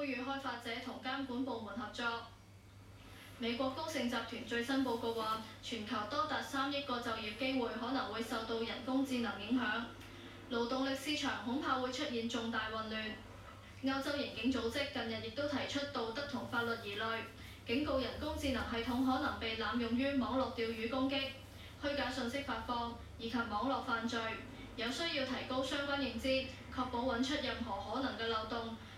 呼籲開發者同監管部門合作。美國高盛集團最新報告話，全球多達三億個就業機會可能會受到人工智能影響，勞動力市場恐怕會出現重大混亂。歐洲刑警組織近日亦都提出道德同法律疑慮，警告人工智能系統可能被濫用於網絡釣魚攻擊、虛假信息發放以及網絡犯罪，有需要提高相關認知，確保揾出任何可能嘅漏洞。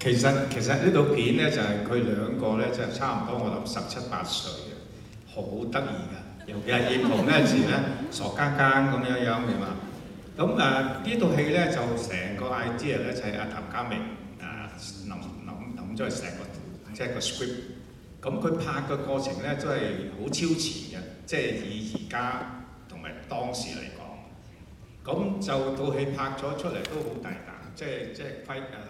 其實其實這呢套片咧就係、是、佢兩個咧就是、差唔多我諗十七八歲嘅，好得意㗎。尤其係葉童嗰陣時咧傻更更咁樣樣，明嘛？咁誒、啊、呢套戲咧就成個 idea 咧就係阿譚家明啊諗諗諗咗成個即係、就是、個 script，咁佢拍嘅過程咧都係好超前嘅，即、就、係、是、以而家同埋當時嚟講，咁就套戲拍咗出嚟都好大膽，即係即係輝誒。就是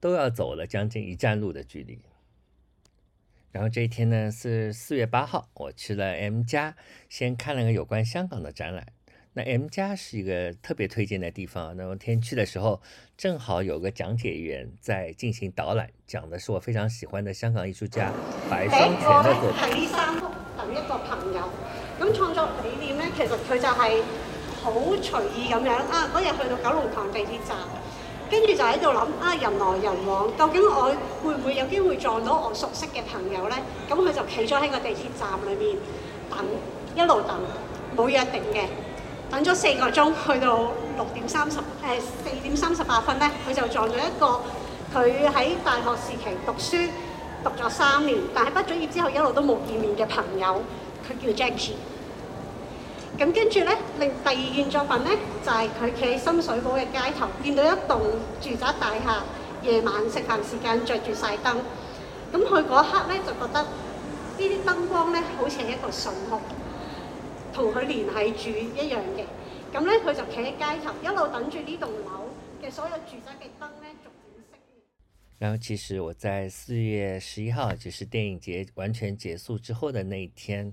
都要走了將近一站路的距離。然後這一天呢是四月八號，我去了 M+ 先看了個有關香港的展覽。那 M+ 是一個特別推薦的地方。那天去的時候，正好有個講解員在進行導覽，講的是我非常喜歡的香港藝術家白雙、嗯、田的作品。第三個呢，係呢三等一個朋友。咁創作理念咧，其實佢就係好隨意咁樣啊！嗰日去到九龍塘地鐵站。跟住就喺度諗啊！人來人往，究竟我會唔會有機會撞到我熟悉嘅朋友呢？咁佢就企咗喺個地鐵站裏面等，一路等冇約定嘅，等咗四個鐘，去到六點三十誒、呃、四點三十八分咧，佢就撞咗一個佢喺大學時期讀書讀咗三年，但係畢咗業之後一路都冇見面嘅朋友，佢叫 Jackie。咁跟住咧，另第二件作品咧，就係佢企喺深水埗嘅街頭，見到一棟住宅大廈夜晚食飯時間着住晒燈。咁佢嗰刻咧就覺得呢啲燈光咧，好似係一個信號，同佢聯繫住一樣嘅。咁咧，佢就企喺街頭，一路等住呢棟樓嘅所有住宅嘅燈咧逐漸熄滅。然後其實我在四月十一號，就是電影節完全結束之後的那一天。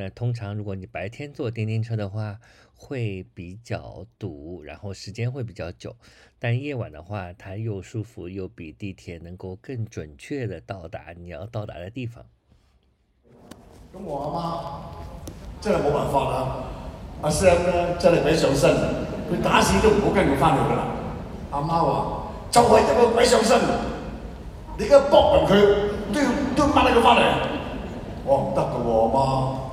那通常，如果你白天坐叮叮車的話，會比較堵，然後時間會比較久。但夜晚的話，它又舒服，又比地鐵能夠更準確地到達你要到達的地方。我媽，這沒辦法啦，阿 Sam 啦，真係鬼上身啦，佢打死都唔好跟我翻去噶啦。阿媽話，就係得個鬼上身，你而家駁佢，都要都要拉佢翻嚟。我唔得噶喎，媽。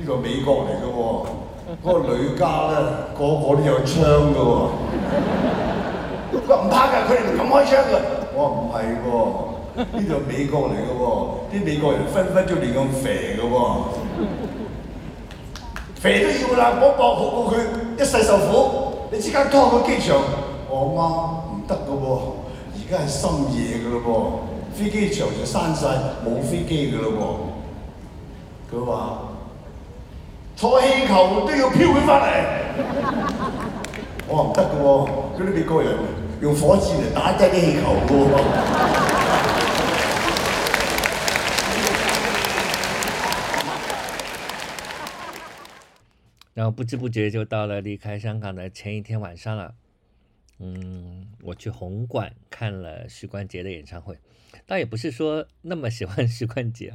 呢個美國嚟嘅喎，嗰個女家咧個個都有槍嘅喎。佢話唔怕㗎，佢哋唔敢開槍㗎。我話唔係喎，呢度美國嚟嘅喎，啲美國人分分鐘連咁肥嘅喎，肥都要啦。我搏好過佢一世受苦，你即刻拖佢機場。我媽唔得嘅喎，而家係深夜嘅咯喎，飛機場就閂晒冇飛機嘅咯喎。佢話。坐氣球都要漂佢翻嚟，我唔得嘅喎，嗰啲美國人用火箭嚟打低啲氣球嘅喎。然後不知不覺就到了離開香港的前一天晚上啦。嗯，我去紅館看了許冠傑的演唱會，倒也不是說那麼喜歡許冠傑。